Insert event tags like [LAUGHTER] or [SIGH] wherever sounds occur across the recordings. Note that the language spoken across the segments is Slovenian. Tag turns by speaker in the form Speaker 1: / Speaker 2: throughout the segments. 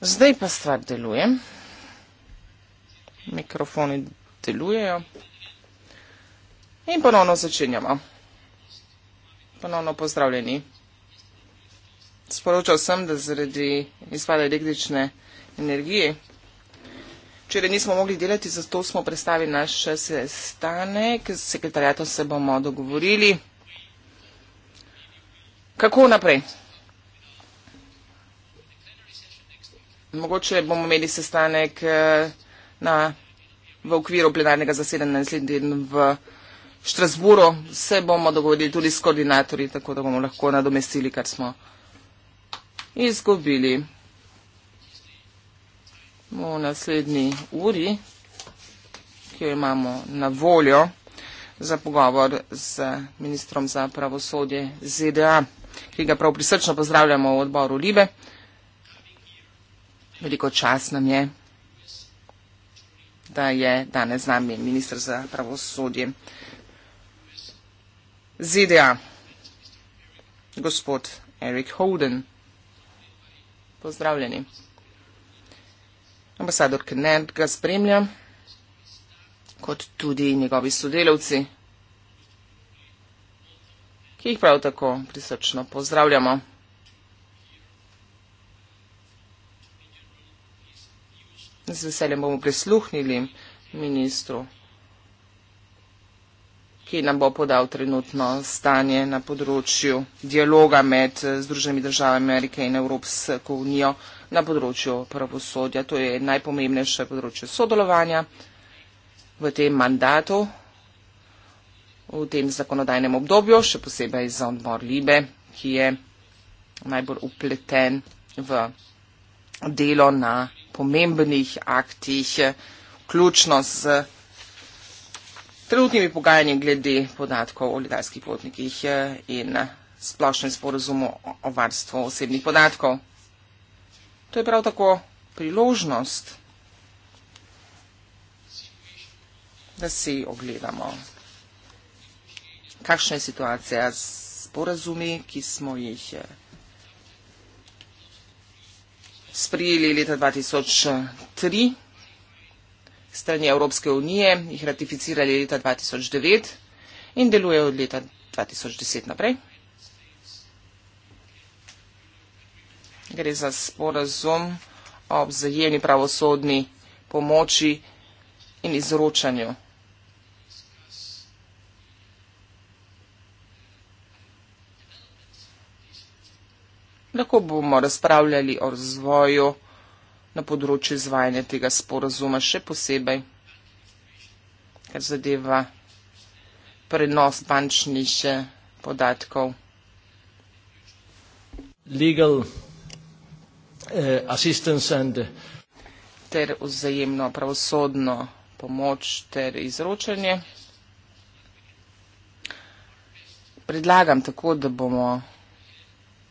Speaker 1: Zdaj pa stvar deluje. Mikrofoni delujejo. In ponovno začenjamo. Ponovno pozdravljeni. Sporočal sem, da zaradi izpada električne energije. Včeraj nismo mogli delati, zato smo predstavili naš sestanek. Z sekretarjatom se bomo dogovorili. Kako naprej? Mogoče bomo imeli sestanek eh, na, v okviru plenarnega zasedanja naslednji teden v Štrasburu. Se bomo dogovorili tudi s koordinatorji, tako da bomo lahko nadomestili, kar smo izgubili v naslednji uri, ki jo imamo na voljo za pogovor z ministrom za pravosodje ZDA, ki ga prav prisrčno pozdravljamo v odboru Libe. Veliko čas nam je, da je danes z nami ministr za pravosodje. ZDA, gospod Erik Holden, pozdravljeni. Ambasador Kned ga spremlja, kot tudi njegovi sodelavci, ki jih prav tako prisrčno pozdravljamo. Z veseljem bomo prisluhnili ministru, ki nam bo podal trenutno stanje na področju dialoga med eh, Združenimi državami Amerike in Evropsko unijo na področju pravosodja. To je najpomembnejše področje sodelovanja v tem mandatu, v tem zakonodajnem obdobju, še posebej za odbor Libe, ki je najbolj upleten v delo na pomembnih aktih, ključno s trenutnimi pogajanji glede podatkov o letalskih potnikih eh, in splošnem sporozumu o varstvu osebnih podatkov. To je prav tako priložnost, da si ogledamo, kakšna je situacija s sporazumi, ki smo jih vsega. Eh, sprijeli leta 2003 strani Evropske unije, jih ratificirali leta 2009 in delujejo od leta 2010 naprej. Gre za sporazum o vzajemni pravosodni pomoči in izročanju Lahko bomo razpravljali o razvoju na področju izvajanja tega sporazuma, še posebej, kar zadeva prenos bančnih eh, podatkov.
Speaker 2: Legal uh, assistance and eh,
Speaker 1: ter vzajemno pravosodno pomoč ter izročanje. Predlagam tako, da bomo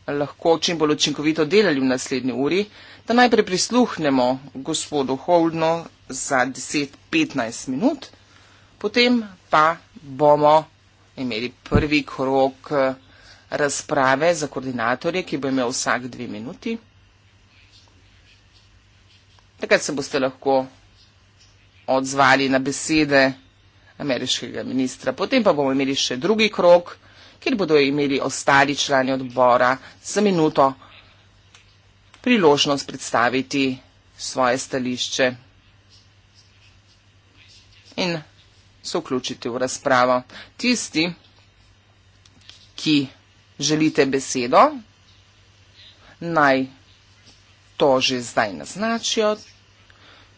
Speaker 1: lahko čim bolj učinkovito delali v naslednji uri, da najprej prisluhnemo gospodu Holdno za 10-15 minut, potem pa bomo imeli prvi krok eh, razprave za koordinatorje, ki bo imel vsak dve minuti. Takrat se boste lahko odzvali na besede ameriškega ministra. Potem pa bomo imeli še drugi krok razprave kjer bodo imeli ostali člani odbora za minuto priložnost predstaviti svoje stališče in se vključiti v razpravo. Tisti, ki želite besedo, naj to že zdaj naznačijo,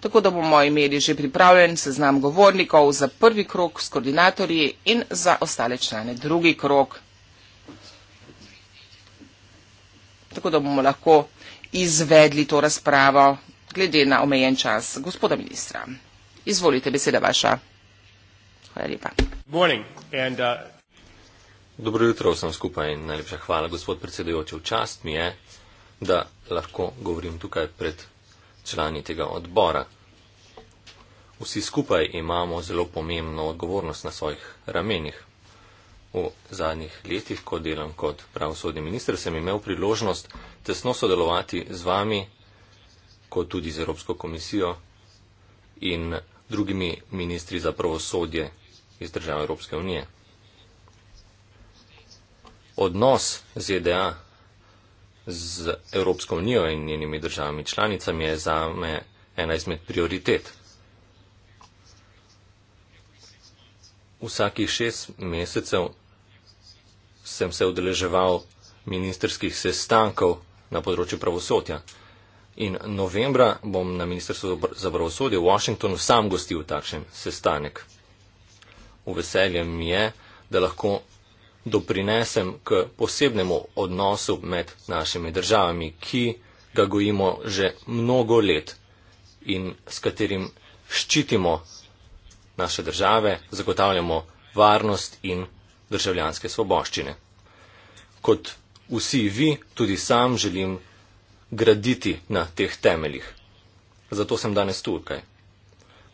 Speaker 1: tako da bomo imeli že pripravljen seznam govornikov za prvi krok s koordinatorji in za ostale člane drugi krok. Tako da bomo lahko izvedli to razpravo glede na omejen čas gospoda ministra. Izvolite, beseda vaša. Hvala lepa.
Speaker 2: Uh, Dobro jutro vsem skupaj in najlepša hvala, gospod predsedujoči. Včast mi je, da lahko govorim tukaj pred člani tega odbora, vsi skupaj imamo zelo pomembno odgovornost na svojih ramenih. V zadnjih letih, ko delam kot pravosodni minister, sem imel priložnost tesno sodelovati z vami, kot tudi z Evropsko komisijo in drugimi ministri za pravosodje iz držav Evropske unije. Odnos ZDA z Evropsko unijo in njenimi državami članicami je za me ena izmed prioritet. vsakih šest mesecev sem se odeleževal ministerskih sestankov na področju pravosodja. In novembra bom na Ministrstvu za pravosodje v Washingtonu sam gostil takšen sestanek. V veselje mi je, da lahko doprinesem k posebnemu odnosu med našimi državami, ki ga gojimo že mnogo let in s katerim ščitimo naše države zagotavljamo varnost in državljanske svoboščine. Kot vsi vi, tudi sam želim graditi na teh temeljih. Zato sem danes tukaj,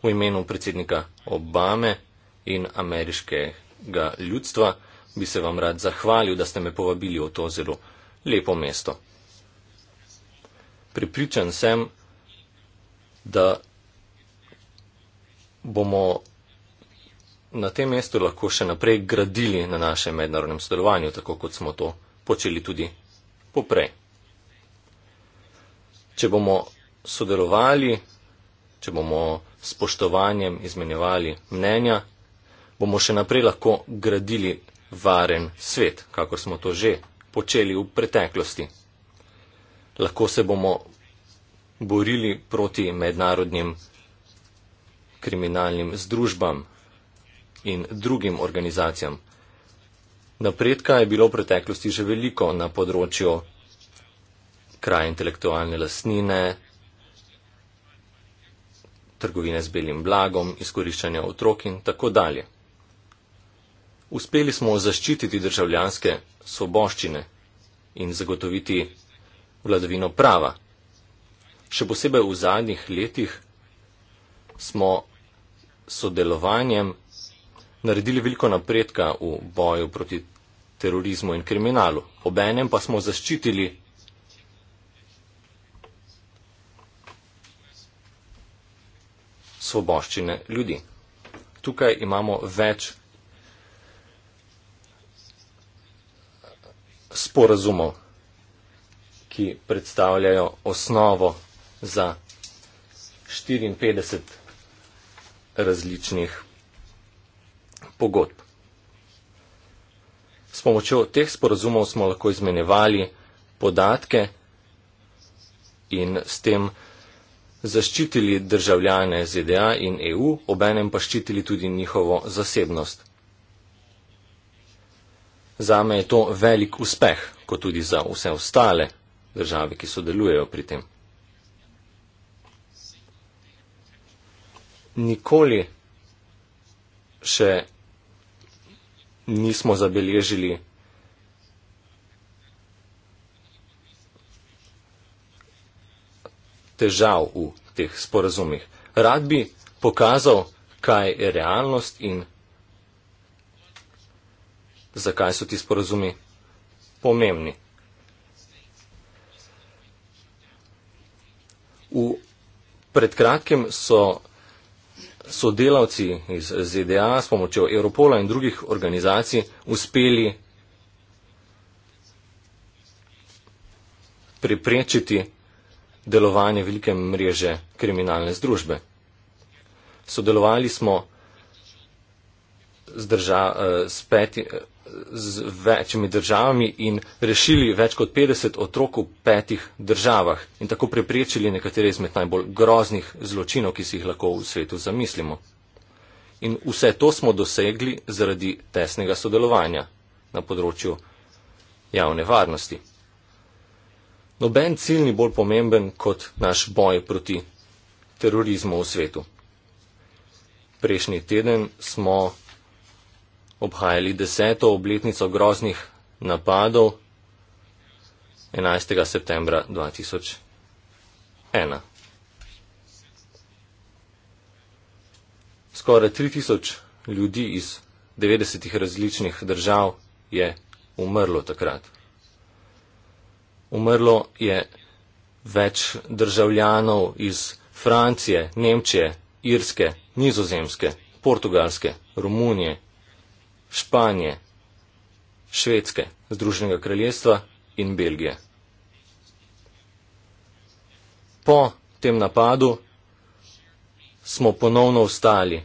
Speaker 2: v imenu predsednika Obame in ameriškega ljudstva, bi se vam rad zahvalil, da ste me povabili v to zelo lepo mesto. Pripričan sem, da bomo na tem mestu lahko še naprej gradili na našem mednarodnem sodelovanju, tako kot smo to počeli tudi poprej. Če bomo sodelovali, če bomo s poštovanjem izmenjevali mnenja, bomo še naprej lahko gradili varen svet, kako smo to že počeli v preteklosti. Lahko se bomo borili proti mednarodnim kriminalnim združbam, in drugim organizacijam. Napredka je bilo v preteklosti že veliko na področju kraj intelektualne lasnine, trgovine z belim blagom, izkoriščanja otrok in tako dalje. Uspeli smo zaščititi državljanske soboščine in zagotoviti vladavino prava. Še posebej v zadnjih letih smo sodelovanjem naredili veliko napredka v boju proti terorizmu in kriminalu. Obenem pa smo zaščitili svoboščine ljudi. Tukaj imamo več sporazumov, ki predstavljajo osnovo za 54 različnih pogodb. S pomočjo teh sporazumov smo lahko izmenjevali podatke in s tem zaščitili državljane ZDA in EU, obenem pa ščitili tudi njihovo zasebnost. Zame je to velik uspeh, kot tudi za vse ostale države, ki sodelujejo pri tem. Nikoli še nismo zabeležili. Težav v teh sporazumih. Rad bi pokazal, kaj je realnost in zakaj so ti sporazumi pomembni. V predkratkem so sodelavci iz ZDA s pomočjo Europola in drugih organizacij uspeli preprečiti delovanje velike mreže kriminalne združbe. Sodelovali smo z, drža, z eh, peti, z večjimi državami in rešili več kot 50 otrok v petih državah in tako preprečili nekatere izmed najbolj groznih zločinov, ki si jih lahko v svetu zamislimo. In vse to smo dosegli zaradi tesnega sodelovanja na področju javne varnosti. Noben cilj ni bolj pomemben kot naš boj proti terorizmu v svetu. Prejšnji teden smo obhajali deseto obletnico groznih napadov 11. septembra 2001. Skoraj 3000 ljudi iz 90 različnih držav je umrlo takrat. Umrlo je več državljanov iz Francije, Nemčije, Irske, Nizozemske, Portugalske, Romunije, Španije, Švedske, Združenega kraljestva in Belgije. Po tem napadu smo ponovno vstali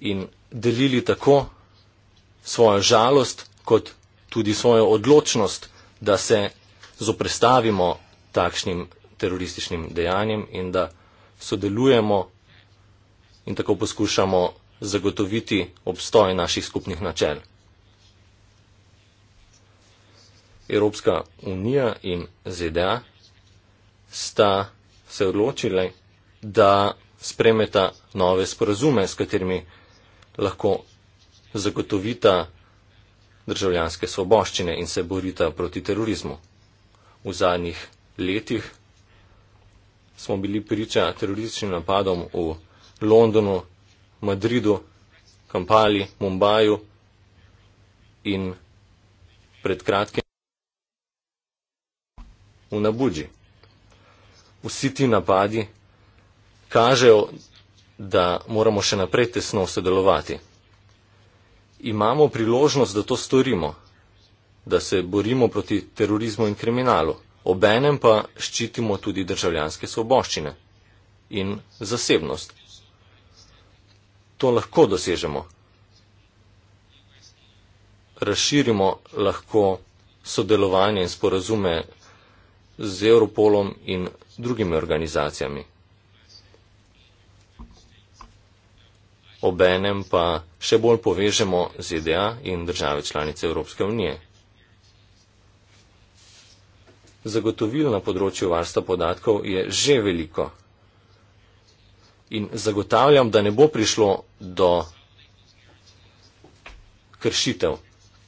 Speaker 2: in delili tako svojo žalost, kot tudi svojo odločnost, da se zoprestavimo takšnim terorističnim dejanjem in da sodelujemo in tako poskušamo zagotoviti obstoj naših skupnih načel. Evropska unija in ZDA sta se odločili, da spremeta nove sporazume, s katerimi lahko zagotovita državljanske svoboščine in se borita proti terorizmu. V zadnjih letih smo bili priča terorističnim napadom v Londonu, Madridu, Kampali, Mumbaju in pred kratkim v Nabuđi. Vsi ti napadi kažejo, da moramo še naprej tesno sodelovati. Imamo priložnost, da to storimo, da se borimo proti terorizmu in kriminalu, obenem pa ščitimo tudi državljanske svoboščine in zasebnost to lahko dosežemo. Razširimo lahko sodelovanje in sporazume z Europolom in drugimi organizacijami. Obenem pa še bolj povežemo ZDA in države članice Evropske unije. Zagotovil na področju varstva podatkov je že veliko in zagotavljam, da ne bo prišlo do kršitev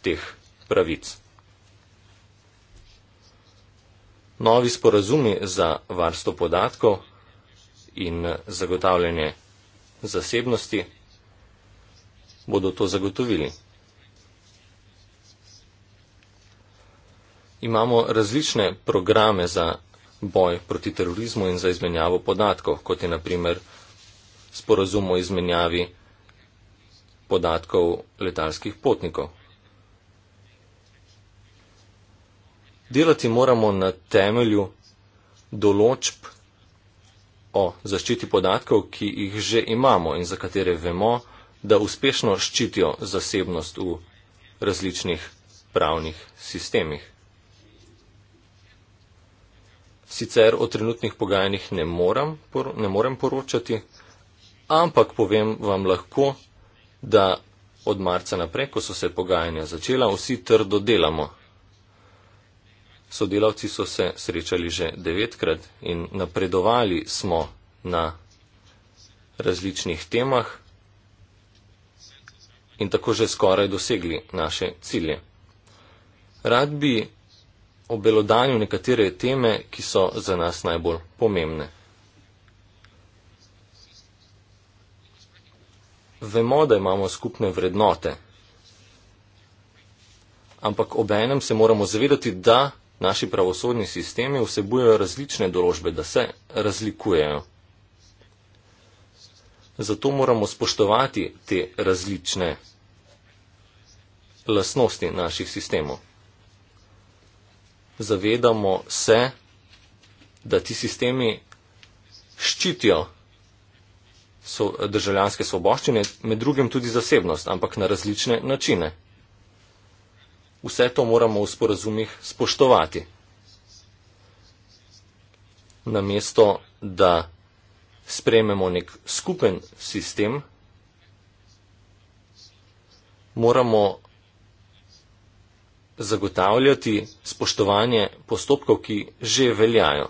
Speaker 2: teh pravic. Novi sporazumi za varstvo podatkov in zagotavljanje zasebnosti bodo to zagotovili. Imamo različne programe za boj proti terorizmu in za izmenjavo podatkov, kot je naprimer sporazum o izmenjavi podatkov letalskih potnikov. Delati moramo na temelju določb o zaščiti podatkov, ki jih že imamo in za katere vemo, da uspešno ščitijo zasebnost v različnih pravnih sistemih. Sicer o trenutnih pogajanjih ne morem poročati, Ampak povem vam lahko, da od marca naprej, ko so se pogajanja začela, vsi trdo delamo. Sodelavci so se srečali že devetkrat in napredovali smo na različnih temah in tako že skoraj dosegli naše cilje. Rad bi obelodanil nekatere teme, ki so za nas najbolj pomembne. vemo, da imamo skupne vrednote. Ampak obenem se moramo zavedati, da naši pravosodni sistemi vsebujejo različne določbe, da se razlikujejo. Zato moramo spoštovati te različne lasnosti naših sistemov. Zavedamo se, da ti sistemi ščitijo so državljanske svoboščine, med drugim tudi zasebnost, ampak na različne načine. Vse to moramo v sporazumih spoštovati. Namesto, da sprejmemo nek skupen sistem, moramo zagotavljati spoštovanje postopkov, ki že veljajo.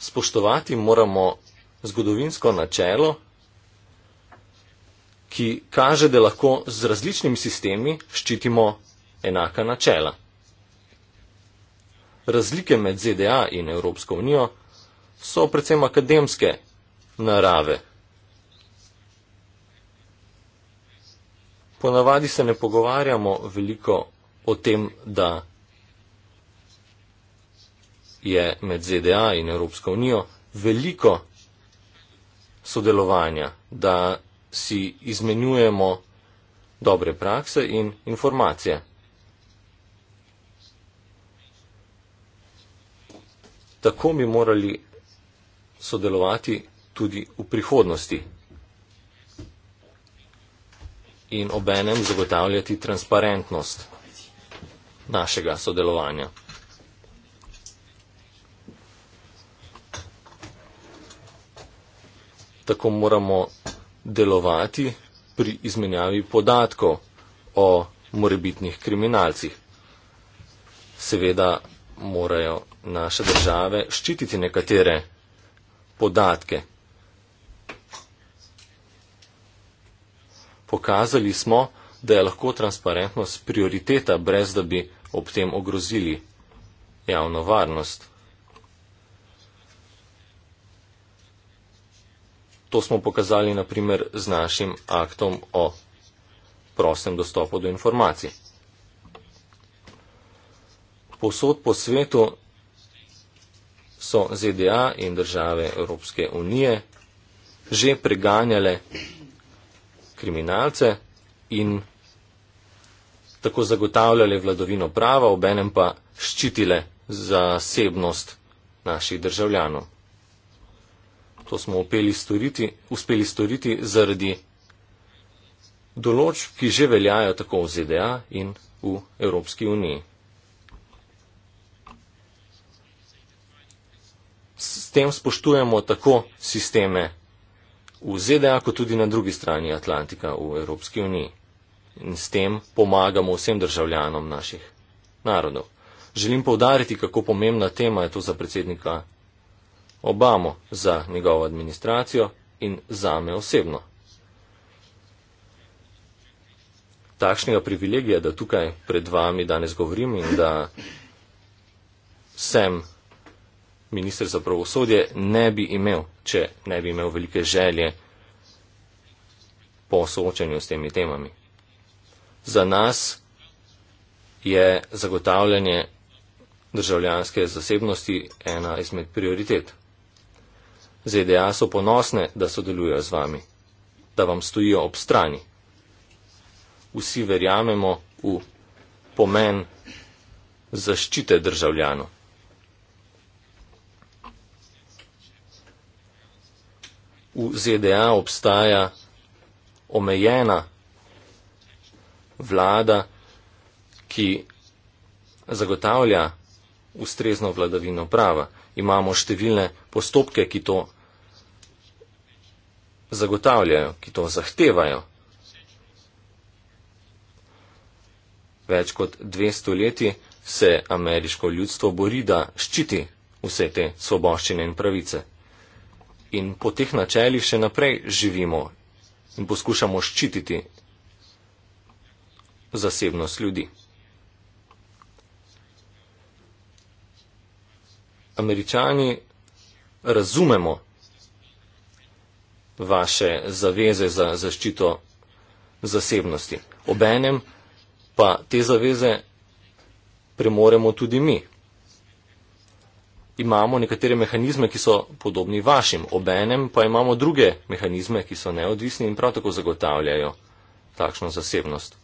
Speaker 2: Spoštovati moramo zgodovinsko načelo, ki kaže, da lahko z različnimi sistemi ščitimo enaka načela. Razlike med ZDA in Evropsko unijo so predvsem akademske narave. Ponavadi se ne pogovarjamo veliko o tem, da je med ZDA in Evropsko unijo veliko sodelovanja, da si izmenjujemo dobre prakse in informacije. Tako bi morali sodelovati tudi v prihodnosti in obenem zagotavljati transparentnost našega sodelovanja. tako moramo delovati pri izmenjavi podatkov o morebitnih kriminalcih. Seveda morajo naše države ščititi nekatere podatke. Pokazali smo, da je lahko transparentnost prioriteta, brez da bi ob tem ogrozili javno varnost. to smo pokazali naprimer z našim aktom o prostem dostopu do informacij. Posod po svetu so ZDA in države Evropske unije že preganjale kriminalce in tako zagotavljale vladovino prava, obenem pa ščitile zasebnost naših državljanov to smo storiti, uspeli storiti zaradi določb, ki že veljajo tako v ZDA in v Evropski uniji. S tem spoštujemo tako sisteme v ZDA, kot tudi na drugi strani Atlantika v Evropski uniji. In s tem pomagamo vsem državljanom naših narodov. Želim povdariti, kako pomembna tema je to za predsednika Obamo za njegovo administracijo in zame osebno. Takšnega privilegija, da tukaj pred vami danes govorim in da sem ministr za pravosodje, ne bi imel, če ne bi imel velike želje po soočanju s temi temami. Za nas je zagotavljanje državljanske zasebnosti ena izmed prioritet. ZDA so ponosne, da sodelujejo z vami, da vam stojijo ob strani. Vsi verjamemo v pomen zaščite državljanov. V ZDA obstaja omejena vlada, ki zagotavlja ustrezno vladavino prava. Imamo številne postopke, ki to zagotavljajo, ki to zahtevajo. Več kot dve stoletji se ameriško ljudstvo bori, da ščiti vse te svoboščine in pravice. In po teh načeljih še naprej živimo in poskušamo ščititi zasebnost ljudi. Američani razumemo vaše zaveze za zaščito zasebnosti. Obenem pa te zaveze premoremo tudi mi. Imamo nekatere mehanizme, ki so podobni vašim, obenem pa imamo druge mehanizme, ki so neodvisni in prav tako zagotavljajo takšno zasebnost.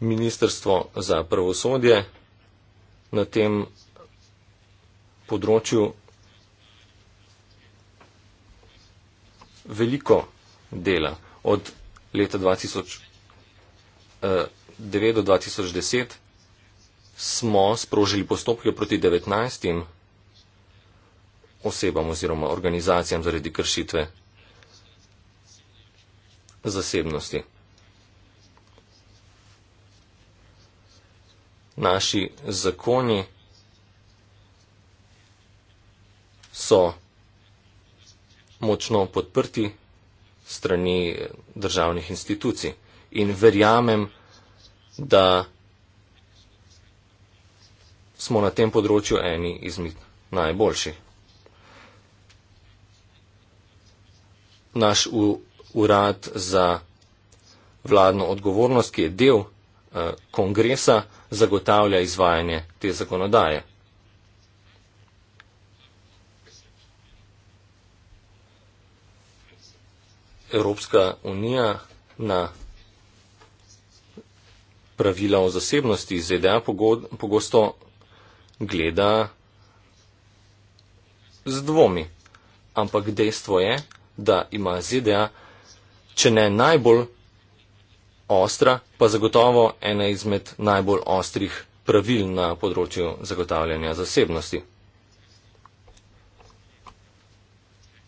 Speaker 2: Ministrstvo za pravosodje na tem področju veliko dela. Od leta 2009 eh, do 2010 smo sprožili postopke proti 19 osebam oziroma organizacijam zaradi kršitve zasebnosti. Naši zakoni so močno podprti strani državnih institucij. In verjamem, da smo na tem področju eni izmed najboljših. Naš urad za vladno odgovornost, ki je del eh, kongresa, zagotavlja izvajanje te zakonodaje. Evropska unija na pravila o zasebnosti ZDA pogosto gleda z dvomi. Ampak dejstvo je, da ima ZDA, če ne najbolj ostra, pa zagotovo ena izmed najbolj ostrih pravil na področju zagotavljanja zasebnosti.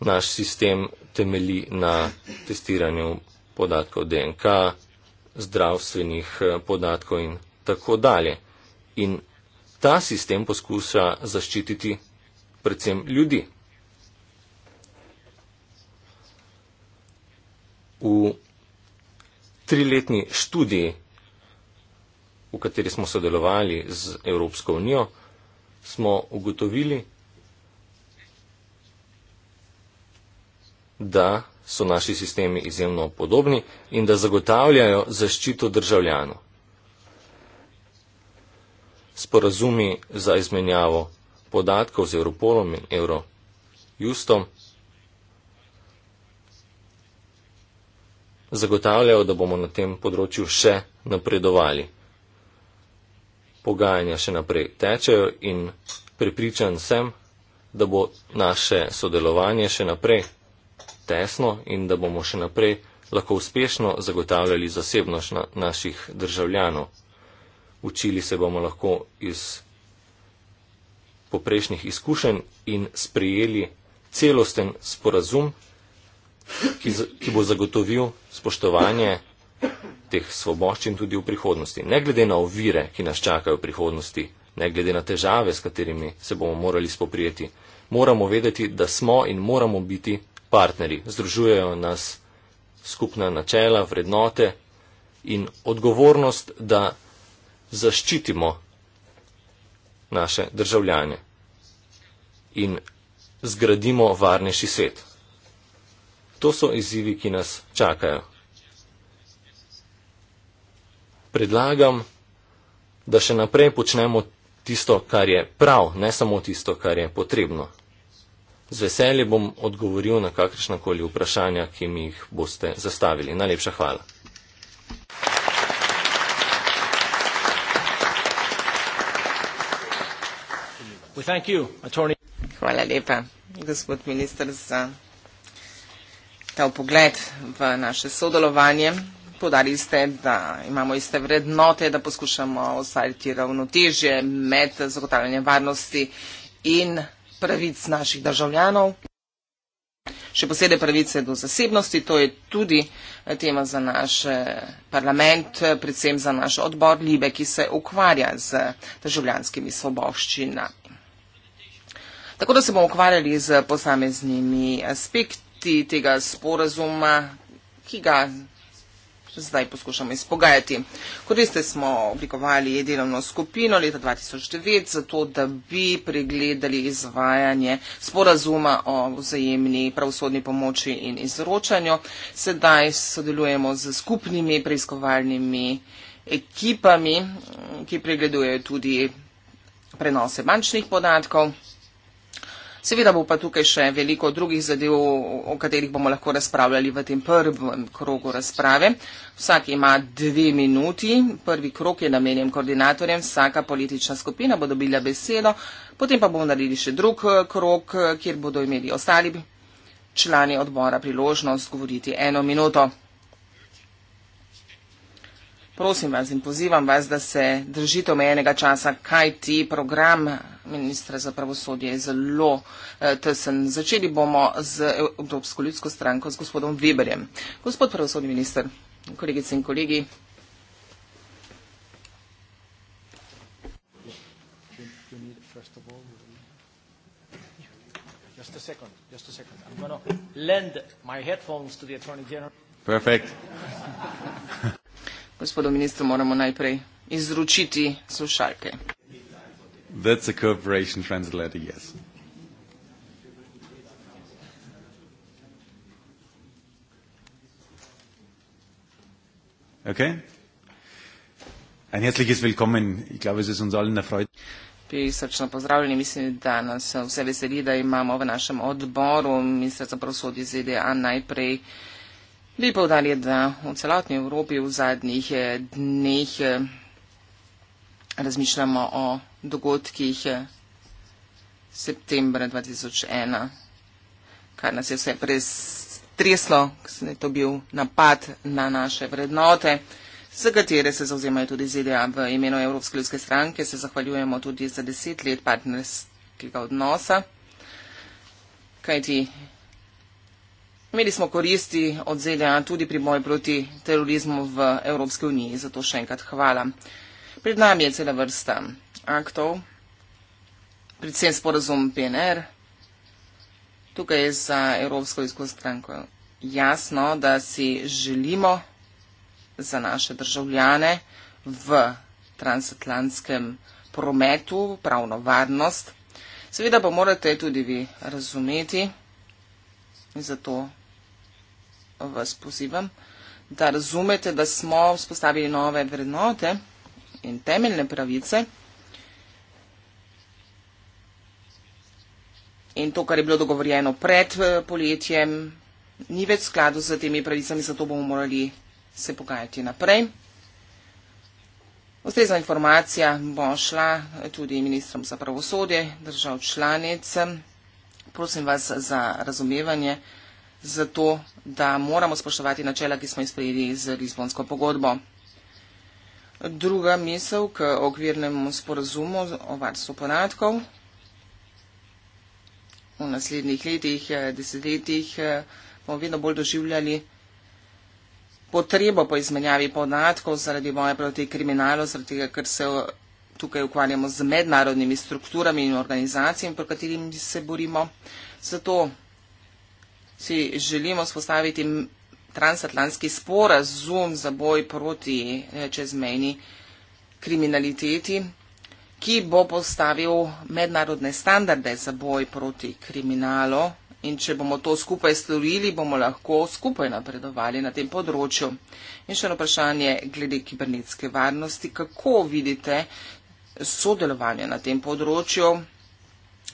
Speaker 2: Naš sistem temeli na testiranju podatkov DNK, zdravstvenih eh, podatkov in tako dalje. In ta sistem poskuša zaščititi predvsem ljudi. V triletni študiji, v kateri smo sodelovali z Evropsko unijo, smo ugotovili, da so naši sistemi izjemno podobni in da zagotavljajo zaščito državljanov. Sporazumi za izmenjavo podatkov z Europolom in Eurojustom zagotavljajo, da bomo na tem področju še napredovali. Pogajanja še naprej tečejo in prepričan sem, da bo naše sodelovanje še naprej tesno in da bomo še naprej lahko uspešno zagotavljali zasebnost na naših državljanov. Učili se bomo lahko iz poprešnjih izkušenj in sprejeli celosten sporazum, ki, ki bo zagotovil spoštovanje teh svoboščin tudi v prihodnosti. Ne glede na ovire, ki nas čakajo v prihodnosti, ne glede na težave, s katerimi se bomo morali spoprijeti, moramo vedeti, da smo in moramo biti partnerji. Združujejo nas skupna načela, vrednote in odgovornost, da zaščitimo naše državljane in zgradimo varnejši svet. To so izzivi, ki nas čakajo. Predlagam, da še naprej počnemo tisto, kar je prav, ne samo tisto, kar je potrebno. Z veseljem bom odgovoril na kakršna koli vprašanja, ki mi jih boste zastavili. Najlepša hvala.
Speaker 1: You, hvala lepa, gospod minister, za ta pogled v naše sodelovanje. Podarili ste, da imamo iste vrednote, da poskušamo ustvariti ravnotežje med zagotavljanjem varnosti in pravic naših državljanov, še posebej pravice do zasebnosti. To je tudi eh, tema za naš eh, parlament, eh, predvsem za naš odbor Libe, ki se ukvarja z državljanskimi svoboščinami. Tako da se bomo ukvarjali z posameznimi aspekti tega sporazuma, ki ga zdaj poskušamo izpogajati. Kot veste, smo oblikovali delovno skupino leta 2009 zato, da bi pregledali izvajanje sporazuma o vzajemni pravosodni pomoči in izročanju. Sedaj sodelujemo z skupnimi preiskovalnimi ekipami, ki pregledujejo tudi prenose bančnih podatkov. Seveda bo pa tukaj še veliko drugih zadev, o katerih bomo lahko razpravljali v tem prvem krogu razprave. Vsak ima dve minuti. Prvi krok je namenjen koordinatorjem. Vsaka politična skupina bo dobila besedo. Potem pa bomo naredili še drug eh, krok, eh, kjer bodo imeli ostali člani odbora priložnost govoriti eno minuto prosim vas in pozivam vas, da se držite omejenega časa, kaj ti program ministra za pravosodje je zelo eh, tesen. Začeli bomo z Evropsko ljudsko stranko, z gospodom Weberjem. Gospod pravosodni minister, kolegice in kolegi. Perfect. [LAUGHS] Gospodu ministru moramo najprej izručiti slušalke.
Speaker 3: That's a corporation translator,
Speaker 2: yes. Okay.
Speaker 3: Ein herzliches Willkommen. Ich glaube, es ist uns allen erfreut.
Speaker 1: Prisrčno pozdravljeni, mislim, da nas vse veseli, da imamo v našem odboru ministra za pravosodje ZDA najprej uh, Bi povdarjal, da v celotni Evropi v zadnjih eh, dneh eh, razmišljamo o dogodkih eh, septembra 2001, kar nas je vse prestreslo, ker je to bil napad na naše vrednote, za katere se zauzemajo tudi ZDA v imenu Evropske ljudske stranke, se zahvaljujemo tudi za deset let partnerskega odnosa, kajti Imeli smo koristi od ZDA tudi pri boju proti terorizmu v Evropski uniji, zato še enkrat hvala. Pred nami je cela vrsta aktov, predvsem sporazum PNR. Tukaj je za Evropsko izkušnjo stranko jasno, da si želimo za naše državljane v transatlantskem prometu pravno varnost. Seveda pa morate tudi vi razumeti, zato vas pozivam, da razumete, da smo vzpostavili nove vrednote in temeljne pravice. In to, kar je bilo dogovorjeno pred eh, poletjem, ni več skladu z temi pravicami, zato bomo morali se pogajati naprej. Ustrezna informacija bo šla eh, tudi ministrom za pravosodje, držav članic. Prosim vas za razumevanje zato, da moramo spoštovati načela, ki smo jih sprejeli z Lizbonsko pogodbo. Druga misel k okvirnemu sporazumu o varstvu podatkov. V naslednjih letih, desetletjih eh, bomo vedno bolj doživljali potrebo po izmenjavi podatkov zaradi boja proti kriminalu, zaradi tega, ker se eh, tukaj ukvarjamo z mednarodnimi strukturami in organizacijami, pro katerimi se borimo. Zato si želimo spostaviti transatlantski sporazum za boj proti eh, čezmejni kriminaliteti, ki bo postavil mednarodne standarde za boj proti kriminalu in če bomo to skupaj storili, bomo lahko skupaj napredovali na tem področju. In še eno vprašanje glede kibernetske varnosti. Kako vidite sodelovanje na tem področju?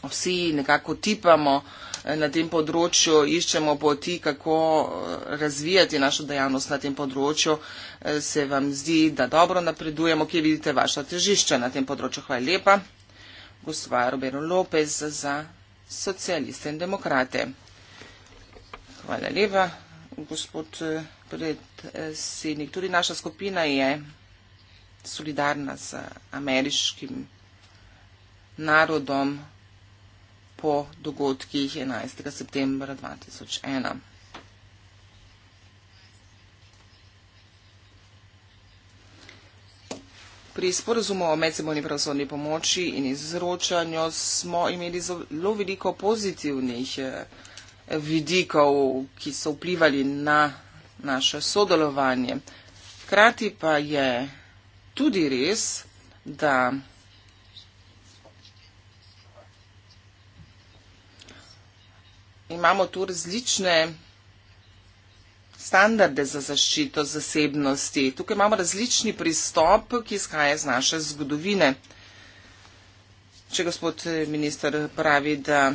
Speaker 1: Vsi nekako tipamo, Eh, na tem področju, iščemo poti, kako eh, razvijati našo dejavnost na tem področju. Eh, se vam zdi, da dobro napredujemo, kje vidite vaša težišča na tem področju? Hvala lepa. Gospod Roberto Lopez za socialiste in demokrate. Hvala lepa, gospod predsednik. Tudi naša skupina je solidarna z ameriškim narodom po dogodkih 11. septembra 2001. Pri sporozumu o medsebojni pravosodni pomoči in izročanju smo imeli zelo veliko pozitivnih eh, vidikov, ki so vplivali na naše sodelovanje. Hkrati pa je tudi res, da imamo tu različne standarde za zaščito zasebnosti. Tukaj imamo različni pristop, ki izhaja iz naše zgodovine. Če gospod eh, minister pravi, da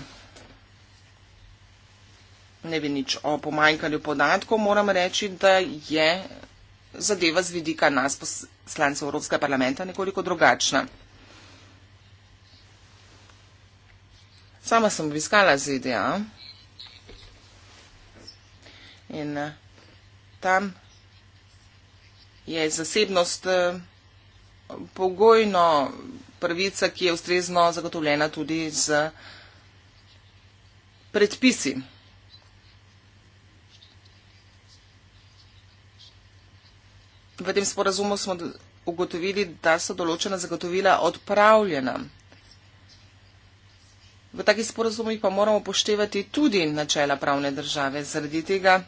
Speaker 1: ne ve nič o pomanjkanju podatkov, moram reči, da je zadeva z vidika nas, poslancev Evropskega parlamenta, nekoliko drugačna. Sama sem obiskala ZDA. In eh, tam je zasebnost eh, pogojno pravica, ki je ustrezno zagotovljena tudi z predpisi. V tem sporazumu smo ugotovili, da so določena zagotovila odpravljena. V takih sporazumih pa moramo poštevati tudi načela pravne države. Zaradi tega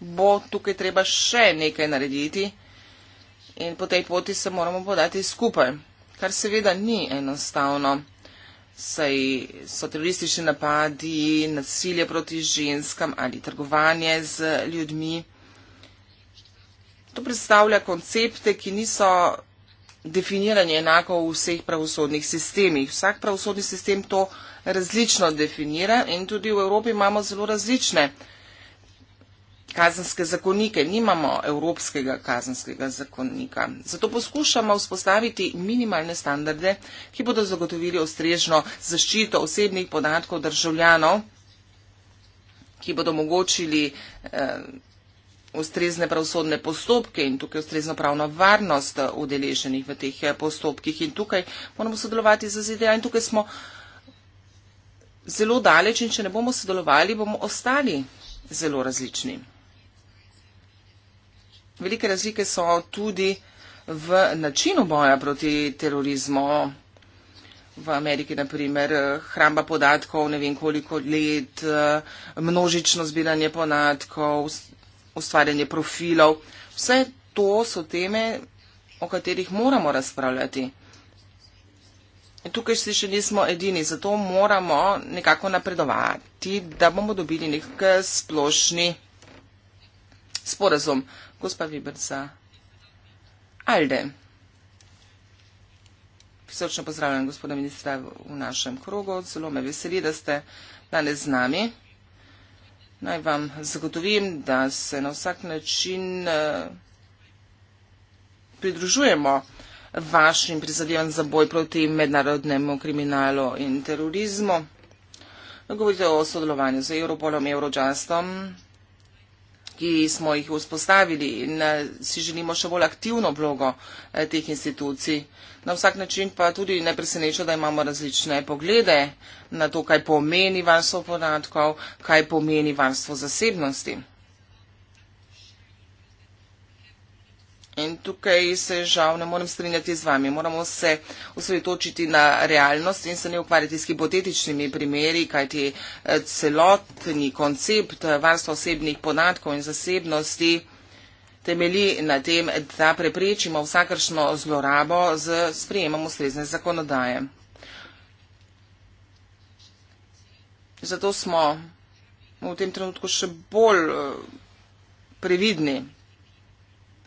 Speaker 1: bo tukaj treba še nekaj narediti in po tej poti se moramo podati skupaj, kar seveda ni enostavno, saj so teroristični napadi, nasilje proti ženskam ali trgovanje z ljudmi. To predstavlja koncepte, ki niso definirani enako v vseh pravosodnih sistemih. Vsak pravosodni sistem to različno definira in tudi v Evropi imamo zelo različne kazenske zakonike, nimamo evropskega kazenskega zakonika. Zato poskušamo vzpostaviti minimalne standarde, ki bodo zagotovili ustrežno zaščito osebnih podatkov državljanov, ki bodo omogočili eh, ustrezne pravosodne postopke in tukaj ustrezno pravno varnost eh, udeleženih v teh eh, postopkih. In tukaj moramo sodelovati z ZDA in tukaj smo zelo daleč in če ne bomo sodelovali, bomo ostali zelo različni. Velike razlike so tudi v načinu boja proti terorizmu. V Ameriki, na primer, hramba podatkov, ne vem koliko let, množično zbiranje podatkov, ustvarjanje profilov. Vse to so teme, o katerih moramo razpravljati. Tukaj si še nismo edini, zato moramo nekako napredovati, da bomo dobili nek splošni sporazum gospa Viberca Alde. Prisočno pozdravljam gospoda ministra v našem krogu. Zelo me veseli, da ste danes z nami. Naj vam zagotovim, da se na vsak način eh, pridružujemo vašim prizadevanj za boj proti mednarodnemu kriminalu in terorizmu. Govorite o sodelovanju z Europolom, Eurojustom, ki smo jih vzpostavili in eh, si želimo še bolj aktivno vlogo eh, teh institucij. Na vsak način pa tudi ne preseneča, da imamo različne poglede na to, kaj pomeni varstvo podatkov, kaj pomeni varstvo zasebnosti. In tukaj se žal ne morem strinjati z vami. Moramo se osredotočiti na realnost in se ne ukvarjati s hipotetičnimi primeri, kajti eh, celotni koncept eh, varstva osebnih podatkov in zasebnosti temeli na tem, da preprečimo vsakršno zlorabo z sprejemom ustrezne zakonodaje. Zato smo v tem trenutku še bolj eh, previdni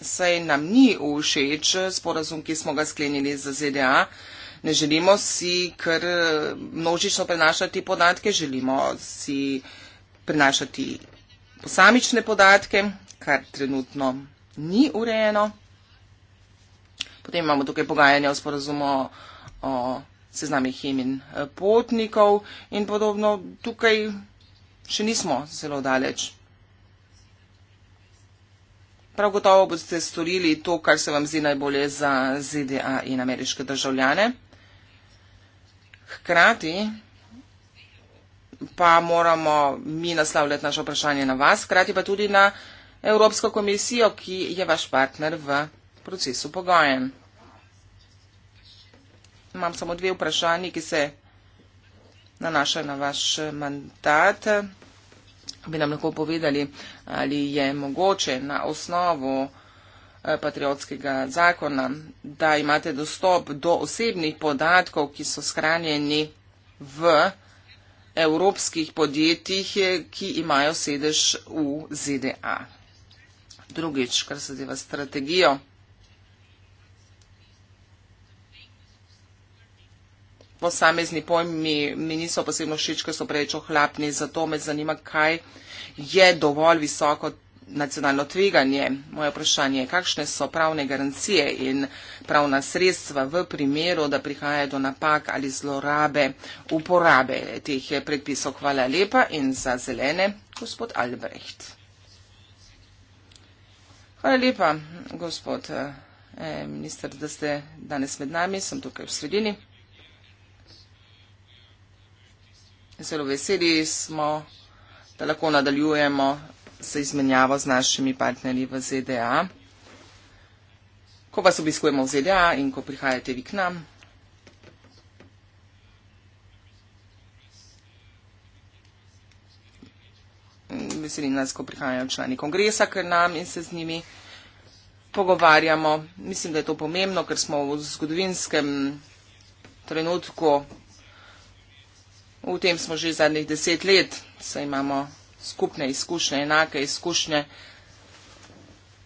Speaker 1: saj nam ni všeč sporazum, ki smo ga sklenili z ZDA. Ne želimo si kar eh, množično prenašati podatke, želimo si prenašati posamične podatke, kar trenutno ni urejeno. Potem imamo tukaj pogajanja o sporazumu o seznamih imen eh, potnikov in podobno. Tukaj še nismo zelo daleč. Prav gotovo boste storili to, kar se vam zdi najbolje za ZDA in ameriške državljane. Hkrati pa moramo mi naslavljati naše vprašanje na vas, hkrati pa tudi na Evropsko komisijo, ki je vaš partner v procesu pogajen. Imam samo dve vprašanje, ki se nanašajo na vaš mandat bi nam lahko povedali, ali je mogoče na osnovu eh, patriotskega zakona, da imate dostop do osebnih podatkov, ki so shranjeni v evropskih podjetjih, eh, ki imajo sedež v ZDA. Drugič, kar se zdi v strategijo. posamezni pojmi mi niso posebno všeč, ker so preveč ohlapni, zato me zanima, kaj je dovolj visoko nacionalno tveganje. Moje vprašanje je, kakšne so pravne garancije in pravna sredstva v primeru, da prihaja do napak ali zlorabe uporabe teh predpisov. Hvala lepa in za zelene, gospod Albrecht. Hvala lepa, gospod eh, minister, da ste danes med nami, sem tukaj v sredini. In zelo veseli smo, da lahko nadaljujemo se izmenjavo z našimi partnerji v ZDA. Ko vas obiskujemo v ZDA in ko prihajate vi k nam, veseli nas, ko prihajajo člani kongresa k nam in se z njimi pogovarjamo. Mislim, da je to pomembno, ker smo v zgodovinskem trenutku V tem smo že zadnjih deset let, saj imamo skupne izkušnje, enake izkušnje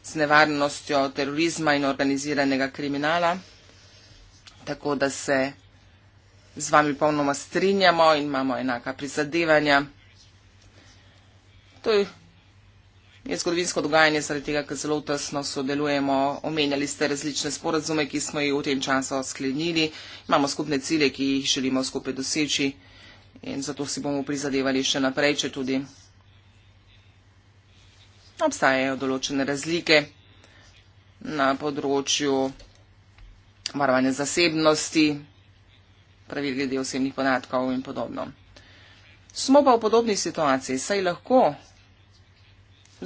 Speaker 1: z nevarnostjo terorizma in organiziranega kriminala. Tako da se z vami polnoma strinjamo in imamo enaka prizadevanja. To je zgodovinsko dogajanje, zaradi tega, ker zelo tesno sodelujemo. Omenjali ste različne sporazume, ki smo jih v tem času sklenili. Imamo skupne cilje, ki jih želimo skupaj doseči in zato si bomo prizadevali še naprej, če tudi obstajajo določene razlike na področju varovanja zasebnosti, pravil glede osebnih podatkov in podobno. Smo pa v podobni situaciji, saj lahko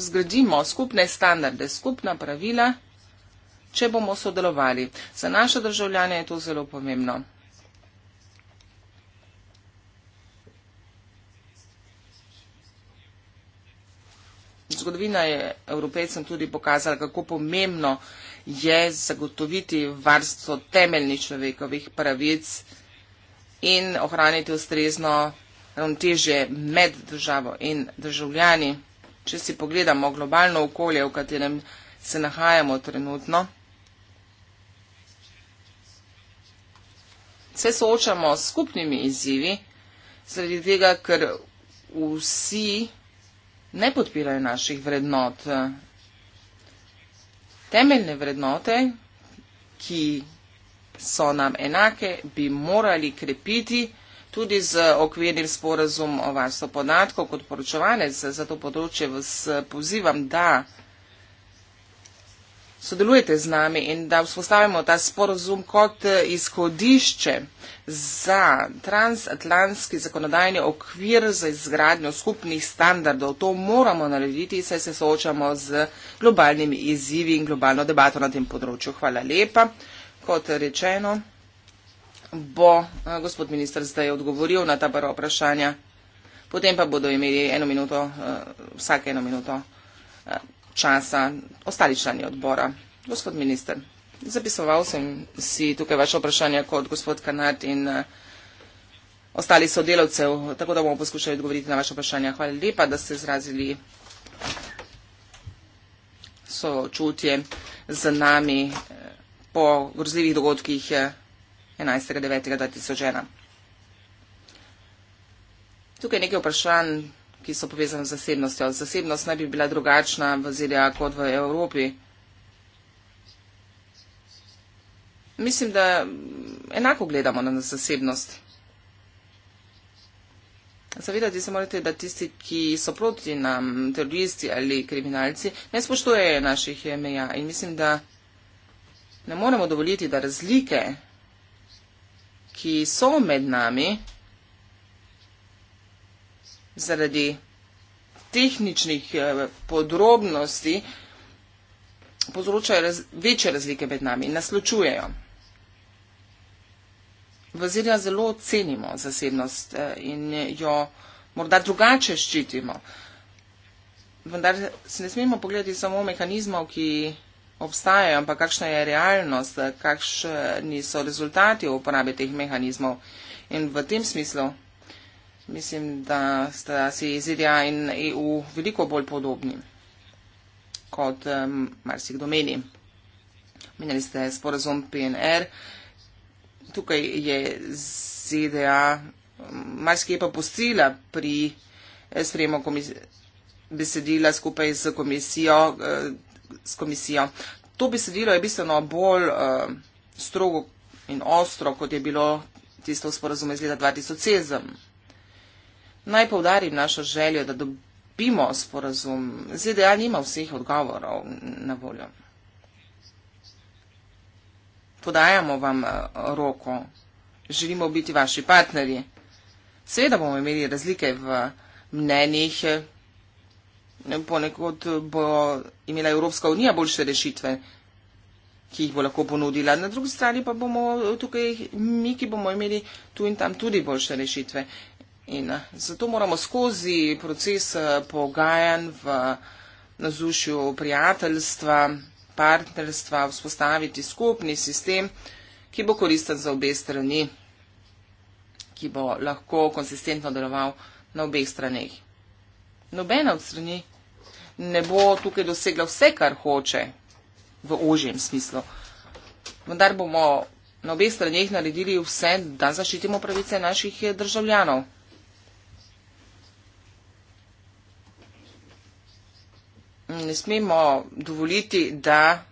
Speaker 1: zgradimo skupne standarde, skupna pravila, če bomo sodelovali. Za naše državljane je to zelo pomembno. Zgodovina je evropejcem tudi pokazala, kako pomembno je zagotoviti varstvo temeljnih človekovih pravic in ohraniti ustrezno ravnotežje med državo in državljani. Če si pogledamo globalno okolje, v katerem se nahajamo trenutno, se soočamo s skupnimi izzivi, zaradi tega, ker vsi ne podpirajo naših vrednot. Temeljne vrednote, ki so nam enake, bi morali krepiti tudi z okvirnim sporazum o varstvu podatkov kot poročevanec za to področje. Vse pozivam, da sodelujete z nami in da vzpostavimo ta sporozum kot eh, izhodišče za transatlantski zakonodajni okvir za izgradnjo skupnih standardov. To moramo narediti, saj se soočamo z globalnimi izzivi in globalno debato na tem področju. Hvala lepa. Kot rečeno, bo eh, gospod minister zdaj odgovoril na ta prva vprašanja. Potem pa bodo imeli eno minuto, eh, vsake eno minuto časa ostali člani odbora. Gospod minister, zapisoval sem si tukaj vaše vprašanje kot gospod Kanat in eh, ostali sodelavcev, tako da bomo poskušali odgovoriti na vaše vprašanje. Hvala lepa, da ste izrazili sočutje z nami eh, po grozljivih dogodkih 11.9.2001. Eh, tukaj je nekaj vprašanj, ki so povezane z zasebnostjo. Zasebnost naj bi bila drugačna v ZDA kot v Evropi. Mislim, da enako gledamo na zasebnost. Zavedati se morate, da tisti, ki so proti nam, teroristi ali kriminalci, ne spoštujejo naših meja. In mislim, da ne moremo dovoliti, da razlike, ki so med nami, zaradi tehničnih eh, podrobnosti povzročajo raz, večje razlike med nami, naslučujejo. V Zirja zelo cenimo zasebnost eh, in jo morda drugače ščitimo, vendar se ne smemo pogledati samo mehanizmov, ki obstajajo, ampak kakšna je realnost, kakšni so rezultati uporabe teh mehanizmov. In v tem smislu Mislim, da sta si ZDA in EU veliko bolj podobni, kot marsikdo meni. Menjali ste sporazum PNR, tukaj je ZDA marsikaj pa postila pri eh, sprejemu besedila skupaj z komisijo, z eh, komisijo. To besedilo je bistveno bolj eh, strogo in ostro, kot je bilo tisto sporazum iz leta 2007. Naj povdarim našo željo, da dobimo sporazum. ZDA nima vseh odgovorov na voljo. Podajamo vam eh, roko, želimo biti vaši partnerji. Seveda bomo imeli razlike v mnenjih, ponekod bo imela Evropska unija boljše rešitve, ki jih bo lahko ponudila. Na drugi strani pa bomo tukaj mi, ki bomo imeli tu in tam tudi boljše rešitve. In eh, zato moramo skozi proces eh, pogajanj v nazušju prijateljstva, partnerstva vzpostaviti skupni sistem, ki bo koristen za obe strani, ki bo lahko konsistentno deloval na obeh straneh. Nobena od strani ne bo tukaj dosegla vse, kar hoče v ožjem smislu. Vendar bomo na obeh straneh naredili vse, da zaščitimo pravice naših eh, državljanov. ne smemo dovoliti, da